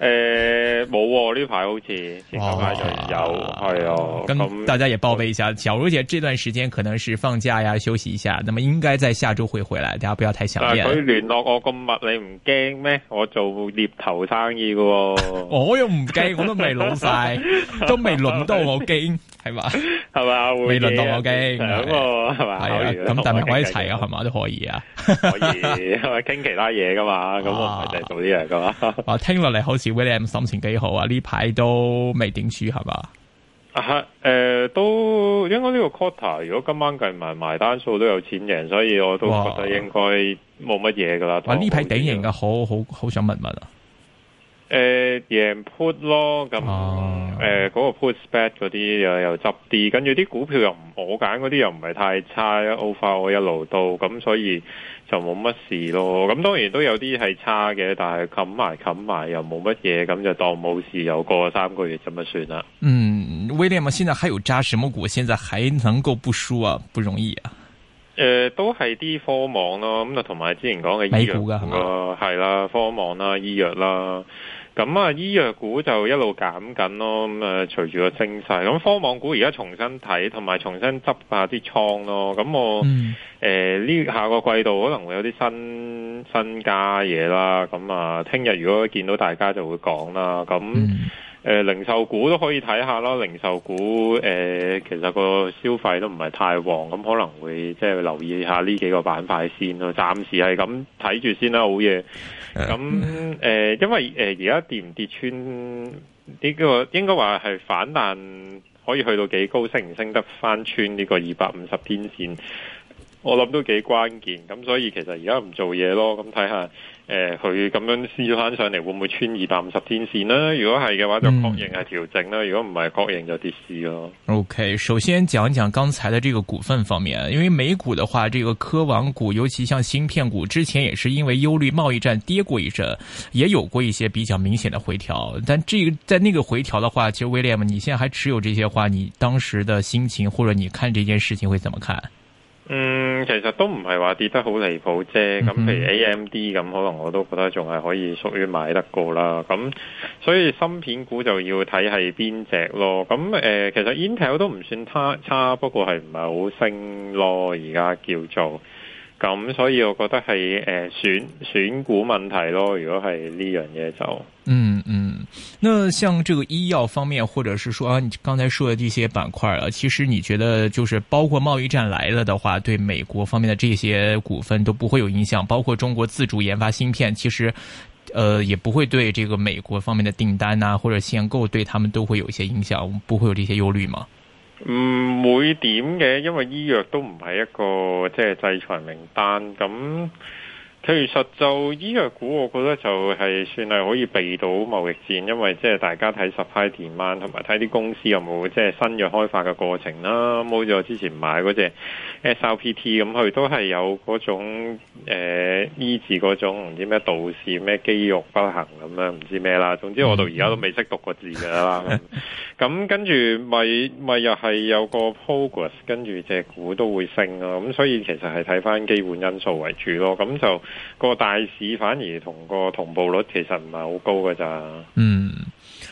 誒、欸，冇喎、哦，呢排好似前排就有係啊，咁、啊嗯、大家也報備一下。小茹姐這段時間可能是放假呀、啊，休息一下，那麼應該在下周會回來，大家不要太想念。佢聯絡我咁密，你唔驚咩？我做獵頭生意喎、哦。 我又唔驚，我都未撈晒，都未輪到我驚，係嘛？係嘛？未輪到我驚，係嘛？係啊，咁但係可以一齊啊，係嘛、啊啊？都可以啊， 可以，係咪傾其他嘢噶嘛？咁我唔係淨係做呢樣噶嘛？我聽落嚟好似。William 心情幾好啊？呢排都未點輸係咪？啊哈，誒、呃，都應該呢個 quarter，如果今晚計埋埋單數都有錢贏，所以我都覺得應該冇乜嘢噶啦。哇！呢排頂贏嘅，好好好想問問啊。誒、呃，贏 put 咯，咁誒嗰個 put spec 嗰啲又又執啲，跟住啲股票又唔我揀嗰啲又唔係太差 offer 我一路都咁，所以就冇乜事咯。咁、嗯、當然都有啲係差嘅，但係冚埋冚埋又冇乜嘢，咁就當冇事。又過三個月，點樣算啦？嗯，威廉嘛，現在還有揸什麼股現在還能夠不輸啊？不容易啊！誒、呃，都係啲科網咯，咁就同埋之前講嘅醫藥噶係啦，科網、啊、藥啦，醫藥啦。咁啊，醫藥股就一路減緊咯，咁、嗯、啊，隨住個升勢，咁科網股而家重新睇，同埋重新執下啲倉咯。咁我誒呢、嗯呃、下個季度可能會有啲新新加嘢啦。咁啊，聽日如果見到大家就會講啦。咁。嗯誒、呃，零售股都可以睇下咯，零售股誒、呃，其實個消費都唔係太旺，咁可能會即係留意下呢幾個板塊先咯，暫時係咁睇住先啦，好嘢。咁誒、呃，因為誒而家跌唔跌穿呢個應該話係反彈，可以去到幾高，升唔升得翻穿呢個二百五十天線？我諗都幾關鍵，咁所以其實而家唔做嘢咯，咁睇下。誒、呃，佢咁樣燒翻上嚟，會唔會穿二百五十天線呢？如果係嘅話就確是，就確認係調整啦；如果唔係，確認就跌市咯。OK，首先講一講剛才的這個股份方面，因爲美股的話，這個科網股，尤其像芯片股，之前也是因爲憂慮貿易戰跌過一陣，也有過一些比較明顯的回調。但這個在那個回調的話，其實 William，你現在還持有這些話，你當時的心情或者你看這件事情會怎麼看？嗯，其實都唔係話跌得好離譜啫。咁譬如 AMD 咁，可能我都覺得仲係可以屬於買得過啦。咁所以芯片股就要睇係邊隻咯。咁誒、呃，其實 Intel 都唔算差差，不過係唔係好升咯？而家叫做。咁所以我覺得係誒、呃、選選股問題咯，如果係呢樣嘢就嗯嗯，那像這個醫藥方面，或者是說、啊、你剛才說的這些板塊啊，其實你覺得就是包括貿易戰來了的話，對美國方面的這些股份都不會有影響，包括中國自主研發芯片，其實，呃，也不會對這個美國方面的訂單啊或者限購，對他們都會有一些影響，不會有這些憂慮嗎？唔會點嘅，因為醫藥都唔係一個即係、就是、制裁名單。咁其實就醫藥股，我覺得就係算係可以避到貿易戰，因為即係、就是、大家睇 supply demand，同埋睇啲公司有冇即係新藥開發嘅過程啦。好似我之前買嗰隻。SRPT 咁佢都係有嗰種誒、呃、醫治嗰種唔知咩道，道士咩肌肉不行咁樣唔知咩啦。總之我到而家都未識讀個字噶啦。咁 跟住咪咪又係有個 progress，跟住隻股都會升咯。咁所以其實係睇翻基本因素為主咯。咁就，個大市反而同個同步率其實唔係好高噶咋。嗯。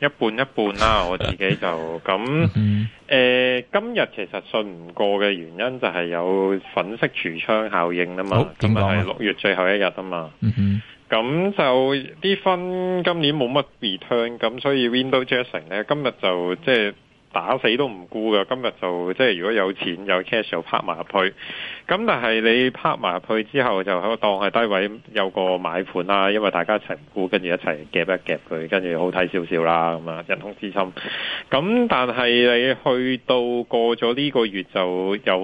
一半一半啦，我自己就咁。誒、 mm-hmm. 呃，今日其實信唔過嘅原因就係有粉飾櫥窗效應啊嘛，oh, 今日係六月最後一日啊嘛。咁、mm-hmm. 就啲分今年冇乜 return，咁所以 Window dressing 咧，今日就即係。就是打死都唔沽㗎。今日就即係如果有錢有 cash 就拍埋入去。咁但係你拍埋入去之後，就可當係低位有個買盤啦，因為大家一齊沽，跟住一齊夾一夾佢，跟住好睇少少啦咁啊，人空之心。咁但係你去到過咗呢個月就又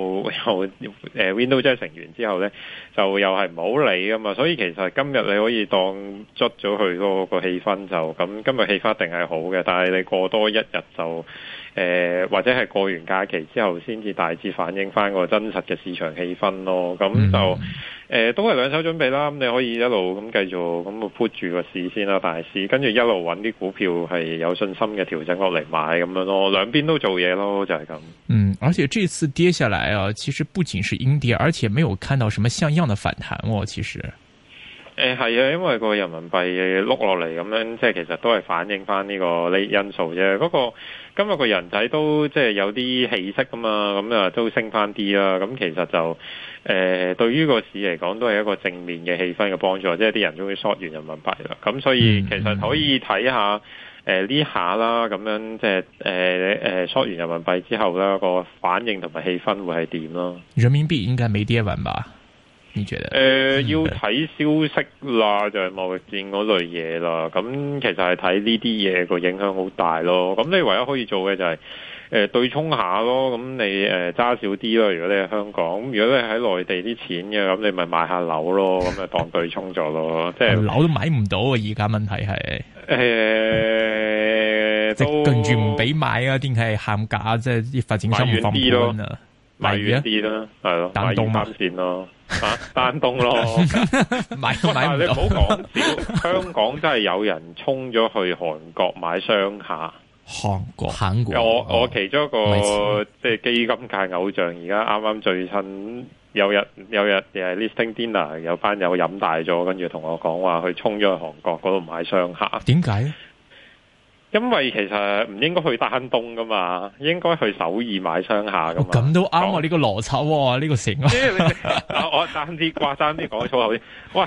又、呃、window 即係成完之後咧，就又係唔好理㗎嘛。所以其實今日你可以當卒咗佢嗰個氣氛就咁。今日氣氛一定係好嘅，但係你過多一日就。誒、呃，或者係過完假期之後先至大致反映翻個真實嘅市場氣氛咯。咁、嗯、就誒、呃，都係兩手準備啦。咁你可以一路咁繼續咁鋪住個市先啦、啊，大市跟住一路揾啲股票係有信心嘅調整落嚟買咁樣咯。兩邊都做嘢咯，就係、是、咁。嗯，而且這次跌下來啊，其實不僅是陰跌，而且沒有看到什麼像樣的反彈哦，其實。誒、哎，係啊，因為個人民幣碌落嚟咁樣，即係其實都係反映翻呢個呢因素啫。不、那、過、個、今日個人仔都即係有啲氣息噶嘛，咁啊都升翻啲啦。咁其實就誒、呃，對於個市嚟講都係一個正面嘅氣氛嘅幫助，即係啲人都會縮完人民幣啦。咁所以其實可以睇下誒呢下啦，咁樣即係誒誒縮完人民幣之後啦，個反應同埋氣氛會係點咯？人民幣應該沒跌完吧？誒、嗯呃，要睇消息啦，就係、是、貿易戰嗰類嘢啦。咁其實係睇呢啲嘢個影響好大咯。咁你唯一可以做嘅就係、是、誒、呃、對沖下咯。咁你誒揸少啲咯。如果你喺香港，咁如果你喺內地啲錢嘅，咁你咪買下樓咯。咁咪當對沖咗咯。即係樓都買唔到啊！而家問題係誒、欸嗯，都跟住唔俾買啊！定係喊價？即係啲發展商買遠啲啦，係、啊、咯，丹東囉，線咯，吓丹東咯，買、， 啊 買，買啊、你唔好講笑， 香港真係有人衝咗去韓國買商客。韓國，我我其中一個、嗯、即係基金界偶像，而家啱啱最近有日有日誒 listing dinner 有班友飲大咗，跟住同我講話去衝咗去韓國嗰度買商客。點解？因為其實唔應該去丹東噶嘛，應該去首爾買雙鞋噶嘛。咁都啱我呢個邏輯喎，呢個成。我爭啲，掛爭啲講粗口先。喂，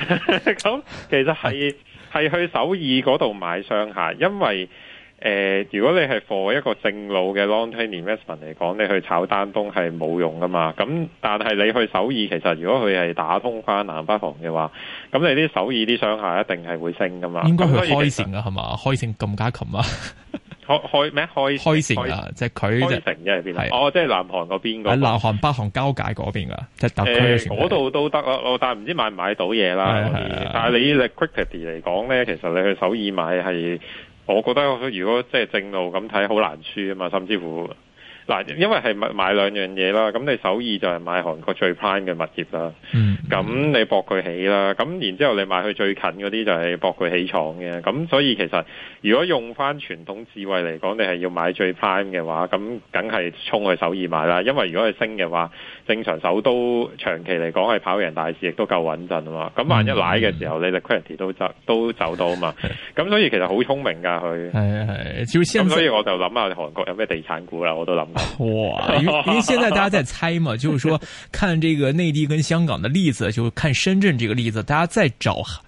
咁其實係係去首爾嗰度買雙鞋，因為。誒、呃，如果你係 for 一個正路嘅 long time investment 嚟講，你去炒丹東係冇用噶嘛？咁但係你去首爾，其實如果佢係打通翻南北韓嘅話，咁你啲首爾啲商廈一定係會升噶嘛？應該去開城噶係嘛？開城咁加冚啊？開開咩？開開城啊！ 即係佢開城嘅係哦，即、就、係、是、南韓嗰邊嘅、那個。係南韓北韓交界嗰邊㗎，即係特區嗰度、呃、都得啊，但係唔知道買唔買到嘢啦。但係你 liquidity 嚟講咧，其實你去首爾買係。我覺得，如果即係正路咁睇，好難輸啊嘛，甚至乎。嗱，因為係買買兩樣嘢啦，咁你首爾就係買韓國最 prime 嘅物業啦，咁、嗯、你博佢起啦，咁然之後你買去最近嗰啲就係博佢起廠嘅，咁所以其實如果用返傳統智慧嚟講，你係要買最 prime 嘅話，咁梗係衝去首爾買啦，因為如果係升嘅話，正常首都長期嚟講係跑贏大市，亦都夠穩陣啊嘛，咁萬一瀨嘅時候，嗯、你 liquidity 都走都走到啊嘛，咁所以其實好聰明噶佢，係啊係，咁所以我就諗下韓國有咩地產股啦，我都諗。哇，因為因為現在大家在猜嘛，就是說看這個內地跟香港的例子，就是看深圳這個例子，大家在找。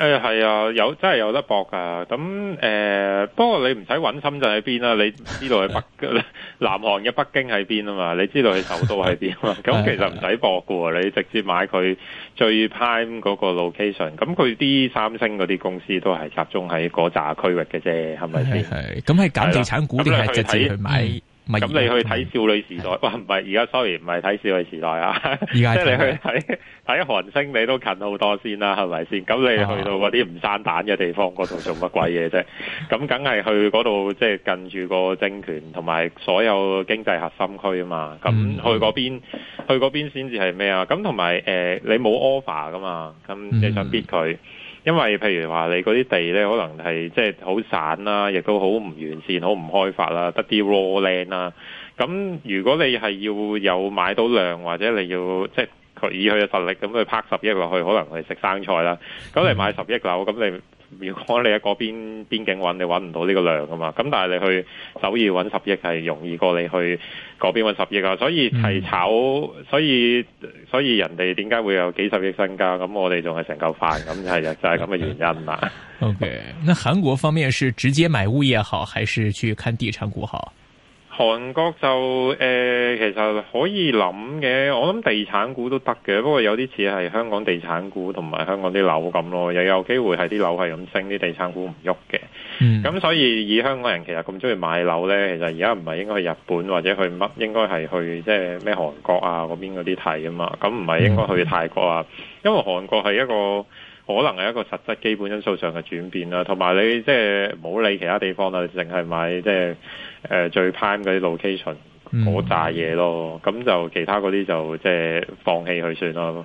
誒、哎，係啊，有真係有得搏噶、啊。咁、嗯、誒、呃，不過你唔使搵深圳喺邊啦，你知道喺北南韓嘅北京喺邊啊嘛，你知道佢首都喺邊啊嘛。咁、嗯、其實唔使搏嘅，你直接買佢最 prime 嗰個 location。咁佢啲三星嗰啲公司都係集中喺嗰扎區域嘅啫，係咪先？咁係揀地產股定係直接去買？咁你去睇少女時代？嗯、哇，唔係而家，sorry 唔係睇少女時代啊，而家即係 你去睇睇韓星，你都近好多先啦，係咪先？咁你去到嗰啲唔生蛋嘅地方嗰度 做乜鬼嘢啫？咁梗係去嗰度，即係近住個政權同埋所有經濟核心區啊嘛。咁去嗰邊，嗯、去嗰邊先至係咩啊？咁同埋誒，你冇 offer 噶嘛？咁你想 bit 佢？嗯因為譬如話你嗰啲地咧，可能係即係好散啦、啊，亦都好唔完善，好唔開發啦、啊，得啲 raw land 啦、啊。咁如果你係要有買到量，或者你要即係以佢嘅實力咁去拍十億落去，可能係食生菜啦。咁你買十億樓，咁你。如果你喺嗰邊邊境揾，你揾唔到呢個量㗎嘛。咁但係你去首爾揾十億係容易過你去嗰邊揾十億啊。所以係炒，所以所以人哋點解會有幾十億身家？咁我哋仲係成嚿飯咁，就係就係咁嘅原因啦。OK，那韓國方面是直接買物業好，還是去看地產股好？韓國就、呃、其實可以諗嘅，我諗地產股都得嘅，不過有啲似係香港地產股同埋香港啲樓咁咯，又有機會係啲樓係咁升，啲地產股唔喐嘅。咁、嗯、所以以香港人其實咁中意買樓呢，其實而家唔係應該去日本或者去乜，應該係去即係咩韓國啊嗰邊嗰啲睇啊嘛。咁唔係應該去泰國啊？因為韓國係一個可能係一個實質基本因素上嘅轉變啦，同埋你即係冇理其他地方啦，淨係買即係。誒、呃，最 prime 嗰啲 location 好炸嘢咯，咁就其他嗰啲就即係放棄佢算囉。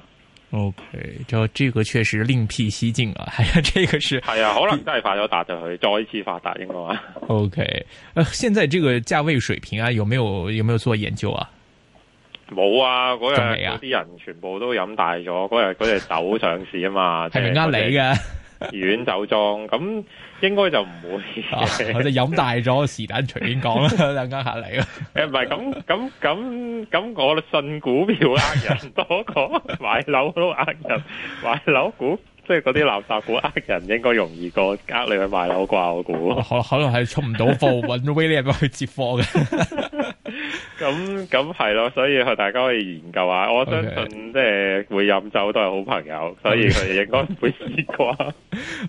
O K，就呢個確實另闢蹊徑啊，係啊，呢、這個是係啊，可能真係發咗達就去 再次發達應該嘛。O K，誒，現在這個價位水平啊，有沒有有沒有做研究啊？冇啊，嗰日嗰啲人全部都飲大咗，嗰日嗰隻酒上市啊嘛，係啱嚟嘅。 那 軟酒莊咁應該就唔會，我就飲大咗，是但隨便講啦， 等間客嚟咯。誒、欸，唔係咁咁咁咁，我信股票呃人多過買樓都呃人，買樓股即係嗰啲垃圾股呃人應該容易過呃你去買樓啩，我估。可可能係出唔到貨，搵 William 去接貨嘅。 咁咁係咯，所以大家可以研究下。我相信即係會飲酒都係好朋友，okay. 所以佢應該會試啩。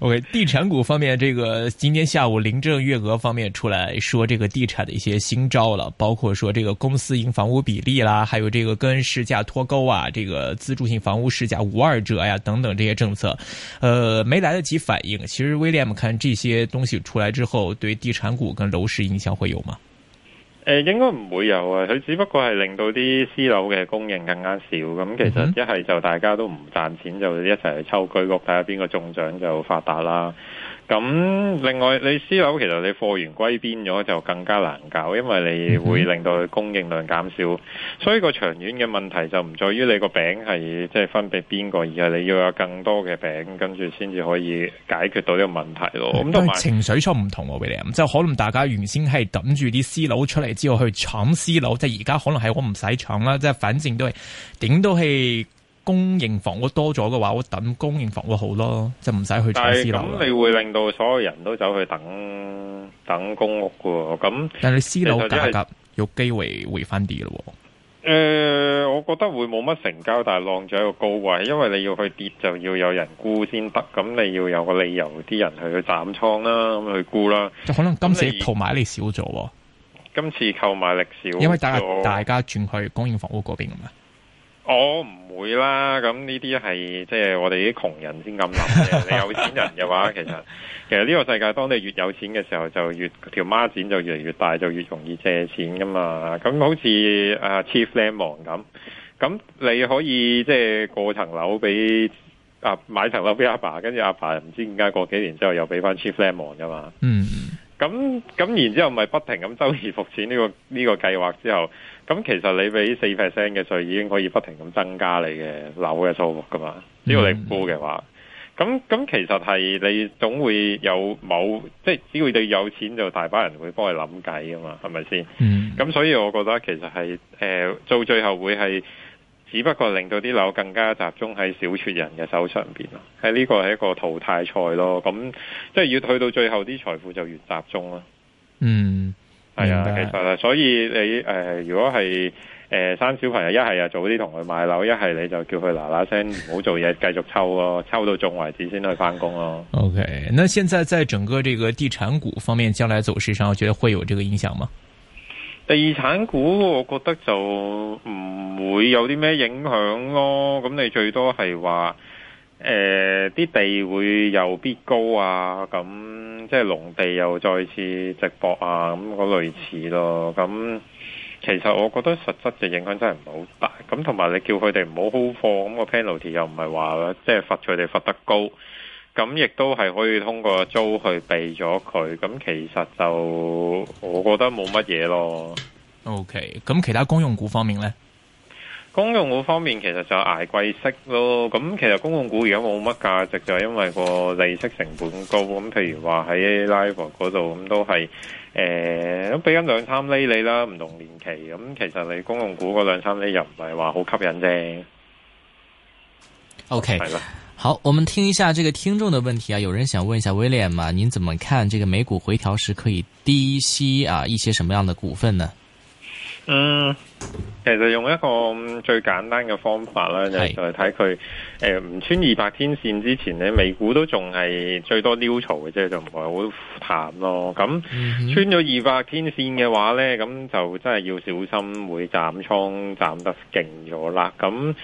OK，地產股方面，這個今天下午林鄭月娥方面出來說，這個地產的一些新招啦，包括說這個公私營房屋比例啦，還有這個跟市價脱鈎啊，這個資助性房屋市價五二折呀、啊、等等這些政策，呃，沒來得及反應。其實 William，看這些東西出來之後，對地產股跟樓市影響會有嗎？應該唔會有啊，佢只不過係令到啲私樓嘅供應更加少，咁其實一係就大家都唔賺錢，就一齊去抽居屋睇下邊個中獎就發達啦。咁另外，你私樓其實你貨源歸邊咗就更加難搞，因為你會令到佢供應量減少，所以個長遠嘅問題就唔在於你個餅係即係分俾邊個，而係你要有更多嘅餅跟住先至可以解決到呢個問題咯。咁同埋情緒上唔同喎，畀你。即係可能大家原先係等住啲私樓出嚟之後去搶私樓，即係而家可能係我唔使搶啦，即係反正都係點都係。公營房屋多咗嘅話，我等公營房屋好咯，就唔使去炒私樓。但係咁，你會令到所有人都走去等等公屋喎？咁但係私樓價格有機會回翻啲咯？誒、呃，我覺得會冇乜成交，但係浪咗一個高位，因為你要去跌就要有人沽先得，咁你要有個理由啲人去去斬倉啦，咁去沽啦。可能今次套買你少咗。今次購買力少，因為大家大家轉去公營房屋嗰邊噶嘛？我唔會啦，咁呢啲係即係我哋啲窮人先咁諗嘅。你有錢人嘅話，其實其實呢個世界，當你越有錢嘅時候，就越條孖展就越嚟越大，就越容易借錢噶嘛。咁好似啊 Chief Lemon 咁，咁你可以即係、就是、過層樓俾啊買層樓俾阿爸，跟住阿爸唔知點解過幾年之後又俾翻 Chief Lemon 噶嘛。嗯。咁咁然之後咪不停咁周而復始呢個呢個計劃之後，咁其實你俾四 percent 嘅稅已經可以不停咁增加你嘅樓嘅數目噶嘛，只、mm-hmm. 要你估嘅話，咁咁其實係你總會有某即係只要你有錢就大把人會幫你諗計噶嘛，係咪先？咁、mm-hmm. 所以我覺得其實係誒做到最後會係。只不過令到啲樓更加集中喺小撮人嘅手上邊咯，喺呢個係一個淘汰賽咯。咁即係越去到最後啲財富就越集中咯。嗯，係啊，其實所以你誒、呃，如果係誒生小朋友，一係就早啲同佢買樓，一係你就叫佢嗱嗱聲唔好做嘢，繼續抽咯， 抽到中為止先去翻工咯。OK，那現在在整個這個地產股方面，將來走勢上，我覺得會有這個影響嗎？地產股我覺得就唔。會有啲咩影響咯？咁你最多係話，誒、呃，啲地會有必高啊，咁即係農地又再次直播啊，咁嗰類似咯。咁其實我覺得實質嘅影響真係唔係好大。咁同埋你叫佢哋唔好 hold 貨，咁個 penalty 又唔係話即係罰佢哋罰得高，咁亦都係可以通過租去避咗佢。咁其實就我覺得冇乜嘢咯。OK，咁其他公用股方面呢？公用股方面，其實就捱貴息咯。咁其實公用股而家冇乜價值，就係因為個利息成本高。咁譬如話喺 Live 嗰度，咁都係誒，咁俾緊兩三厘你啦，唔同年期。咁其實你公用股嗰兩三厘又唔係話好吸引啫。OK，好，我們聽一下這個聽眾的問題啊，有人想問一下 William 啊，您怎麼看這個美股回調時可以低吸啊一些什麼樣的股份呢？嗯。其實用一個最簡單嘅方法啦，就係睇佢誒唔穿二百天線之前咧，美股都仲係最多 new 潮嘅啫，就唔係好淡咯。咁、嗯、穿咗二百天線嘅話咧，咁就真係要小心會斬倉斬得勁咗啦。咁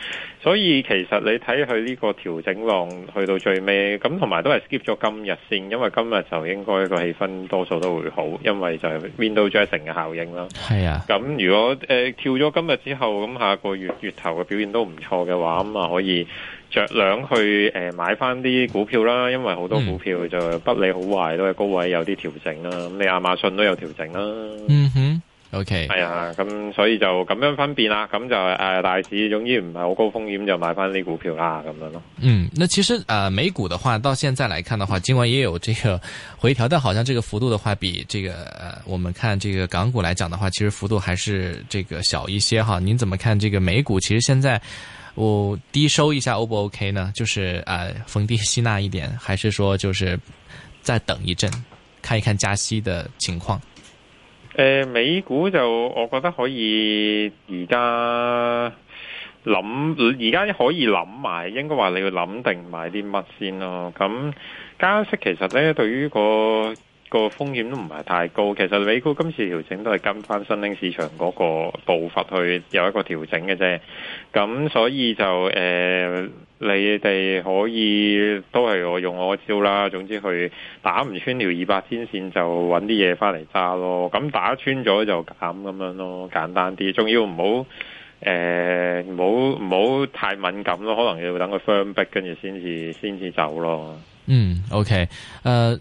所以其實你睇佢呢個調整浪去到最尾，咁同埋都係 skip 咗今日先，因為今日就應該個氣氛多數都會好，因為就係 window dressing 嘅效應啦。係啊，咁如果誒。呃跳咗今日之後，咁下個月月頭嘅表現都唔錯嘅話，咁啊可以酌量去誒、呃、買翻啲股票啦，因為好多股票就不理好壞都係高位有啲調整啦、啊。咁你亞馬遜都有調整啦、啊。嗯哼。O K，係啊，咁所以就咁樣分辨啦，咁就誒、呃，大市總之唔係好高風險就買翻啲股票啦，咁樣咯。嗯，那其實誒、呃，美股的話，到現在來看的話，儘管也有這個回調，但好像這個幅度的話，比這個，呃、我們看這個港股來講的話，其實幅度還是這個小一些哈。您怎麼看這個美股？其實現在我低收一下 O 不 O K 呢？就是誒、呃，逢低吸納一點，還是說就是再等一陣，看一看加息的情況？誒、呃，美股就我覺得可以而家諗，而家可以諗埋，應該話你要諗定買啲乜先咯。咁加息其實咧，對於個。個風險都唔係太高，其實美股今次調整都係跟翻新興市場嗰個步伐去有一個調整嘅啫，咁所以就誒、呃，你哋可以都係我用我招啦，總之去打唔穿條二百天線就揾啲嘢翻嚟揸咯，咁打穿咗就減咁樣咯，簡單啲，仲要唔好誒，唔好唔好太敏感咯，可能要等佢 firm back 跟住先至先至走咯。嗯，OK，誒、uh...。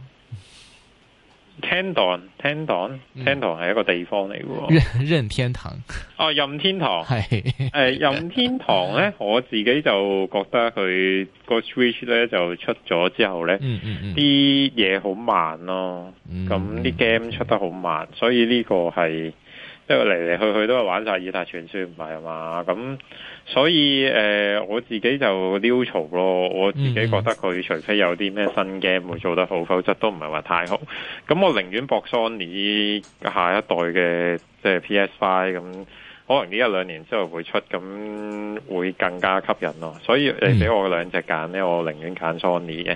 天堂，天堂，天堂係一個地方嚟嘅。任天堂，哦，任天堂係，誒 任天堂咧，我自己就覺得佢個 switch 咧就出咗之後咧，啲嘢好慢咯，咁啲 game 出得好慢、嗯，所以呢個係。即係嚟嚟去去，都係玩晒《以太傳說》，唔係啊嘛？咁所以誒、呃，我自己就溜槽咯。我自己覺得佢除非有啲咩新 game 會做得好，否則都唔係話太好。咁我寧願博 Sony 下一代嘅即係 PS Five，咁可能呢一兩年之後會出，咁會更加吸引咯。所以你俾、呃、我兩隻揀咧，我寧願揀 Sony 嘅。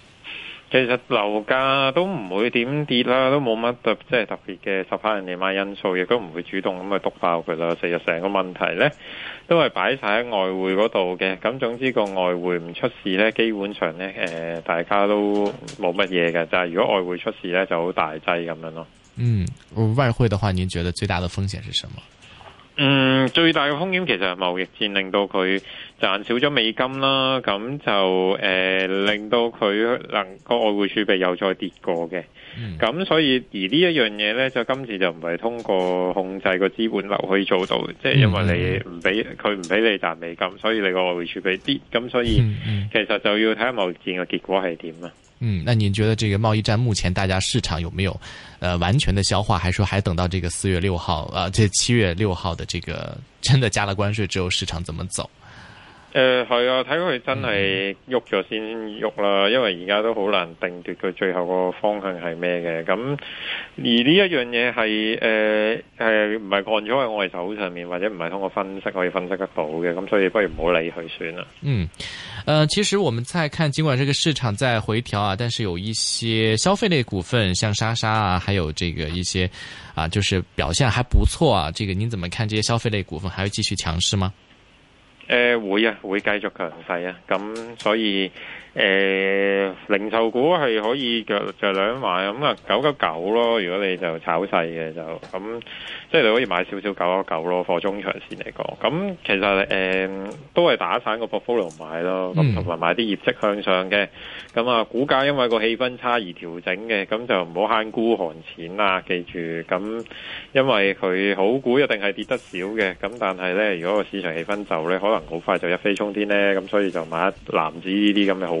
其實樓價都唔會點跌啦，都冇乜特即係特別嘅吓人哋買因素，亦都唔會主動咁去督爆佢啦。其實成個問題咧，都係擺晒喺外匯嗰度嘅。咁總之個外匯唔出事咧，基本上咧誒、呃，大家都冇乜嘢嘅。就係如果外匯出事咧，就好大劑咁樣咯。嗯，外匯嘅話，您覺得最大嘅風險係什麼？嗯，最大嘅風險其實係貿易戰令到佢。賺少咗美金啦，咁就誒、呃、令到佢能個外匯儲備又再跌過嘅，咁、嗯、所以而呢一樣嘢呢，就今次就唔係通過控制個資本流可以做到嘅，即、就、係、是、因為你唔俾佢唔俾你賺美金，所以你個外匯儲備跌，咁所以、嗯嗯、其實就要睇下貿易戰嘅結果係點啊。嗯，那您覺得這個貿易戰目前大家市場有沒有，呃、完全的消化，還是說還等到這個四月六號啊，即係七月六號的這個真的加了關稅之後市場怎麼走？誒、呃，係啊，睇佢真係喐咗先喐啦，因為而家都好難定奪佢最後個方向係咩嘅。咁而呢一樣嘢，係誒係唔係按咗喺我哋手上面，或者唔係通過分析可以分析得到嘅。咁所以不如唔好理佢算啦。嗯，誒、呃，其實我們再看，盡管這個市場在回調啊，但是有一些消費類股份，像莎莎啊，還有這個一些啊，就是表現還不錯啊。這個您怎麼看？這些消費類股份還會繼續強勢嗎？唉，會啊，會繼續強勢啊，咁所以。誒、呃，零售股係可以着兩兩萬咁啊，九九九咯。如果你就炒細嘅就咁，即係你可以買少少九九九咯。貨中長線嚟講，咁其實誒、呃、都係打散個 portfolio 買咯。咁同埋買啲業績向上嘅，咁啊股價因為個氣氛差而調整嘅，咁就唔好慳孤寒錢啦。記住，咁因為佢好股一定係跌得少嘅，咁但係咧如果個市場氣氛就咧，可能好快就一飛沖天咧，咁所以就買藍籌呢啲咁嘅好。